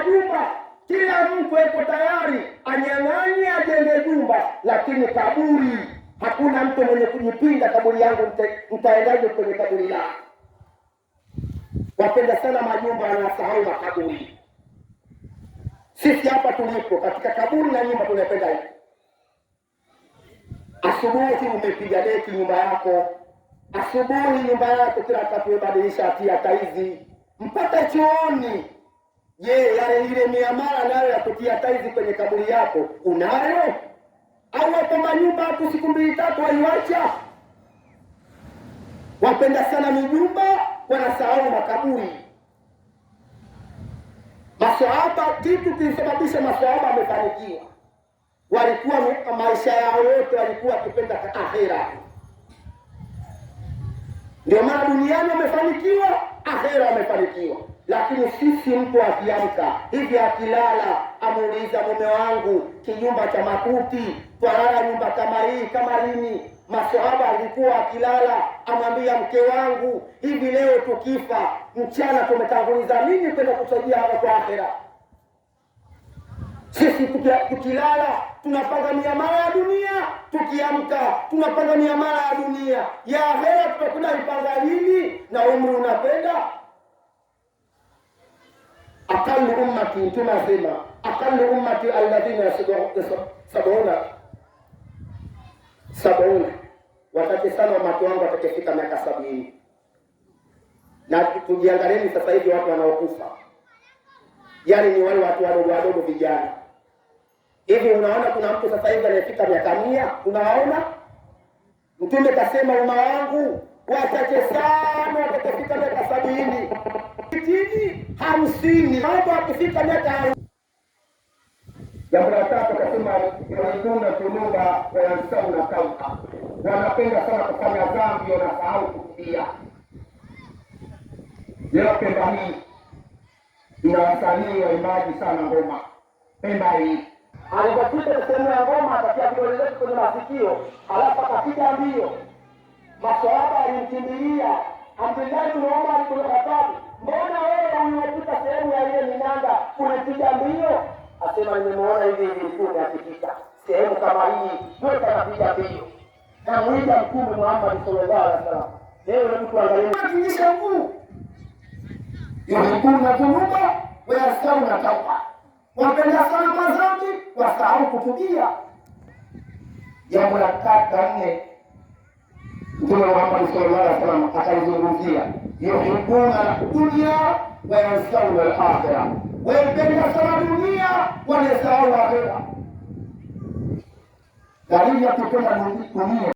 majumba, kila mtu yuko tayari anyang'anye ajenge jumba, lakini kaburi, hakuna mtu mwenye kujipinda kaburi yangu, nitaendaje kwenye kaburi lako? Wapenda sana majumba, wanasahau makaburi. Sisi hapa tulipo katika kaburi na nyumba tunapenda hivi. Asubuhi umepiga deki nyumba yako, asubuhi nyumba yako kila tatu imebadilisha atia taizi mpaka chooni Je, yale ile miamala nayo ya kutia taizi kwenye kaburi yako unayo? Au wapo manyumba hapo siku mbili tatu waiwacha? Wapenda sana mijumba, wanasahau makaburi. Maswahaba, kitu kilisababisha maswahaba wamefanikiwa, walikuwa maisha yao yote walikuwa kupenda akhera. Ndio maana duniani wamefanikiwa, akhera wamefanikiwa yetu sisi, mtu akiamka hivi akilala, amuuliza mume wangu kinyumba cha makuti twalala nyumba kama hii kama lini? Maswahaba alikuwa akilala amwambia mke wangu, hivi leo tukifa mchana tumetanguliza nini kwenda kusaidia hapa kwa akhera? Sisi tukilala tunapanga miamala ya dunia, tukiamka tunapanga miamala ya dunia. Ya akhera tutakuwa ipanga lini? Na umri unakwenda akalu ummati, Mtume asema akalu ummati alladhina sabuna sabuna, wachache sana umati wangu watakufika miaka sabini. Na tujiangalieni sasa hivi watu wanaokufa, yaani ni wale watu wadogo wadogo, vijana hivi. Unaona kuna mtu sasa hivi anayefika miaka mia, unaona Mtume kasema umma wangu wachache sana watakufika miaka sabini hamsini baada akifika miaka hamsini. Jambo la tatu akasema yuhibbuna na wayansauna na wanapenda sana kufanya dhambi wanasahau kutulia. Leo Pemba hii ina wasanii waimbaji sana ngoma. Pemba hii alipopita sehemu ya ngoma akatia vidole zake kwenye masikio, alafu akapiga mbio, maswahaba alimkimbilia Abdullahi bin Omar bin Khattab kanda kuna mbio, asema nimemuona hivi hivi, mkuu akipita sehemu kama hii yote anapiga mbio, na mwija Mtume Muhammad sallallahu alaihi wasallam. Leo mtu angalia Mungu yuhibuna dhunuba na tauba, wapenda sana madhambi wasahau kutubia. Jambo la kata nne Mtume Muhammad sallallahu alaihi wasallam akaizungumzia, yuhibbuna dunya wa yansawna al-akhirah, sana dunia wanaisahau akhira. Dalili ya kupenda dunia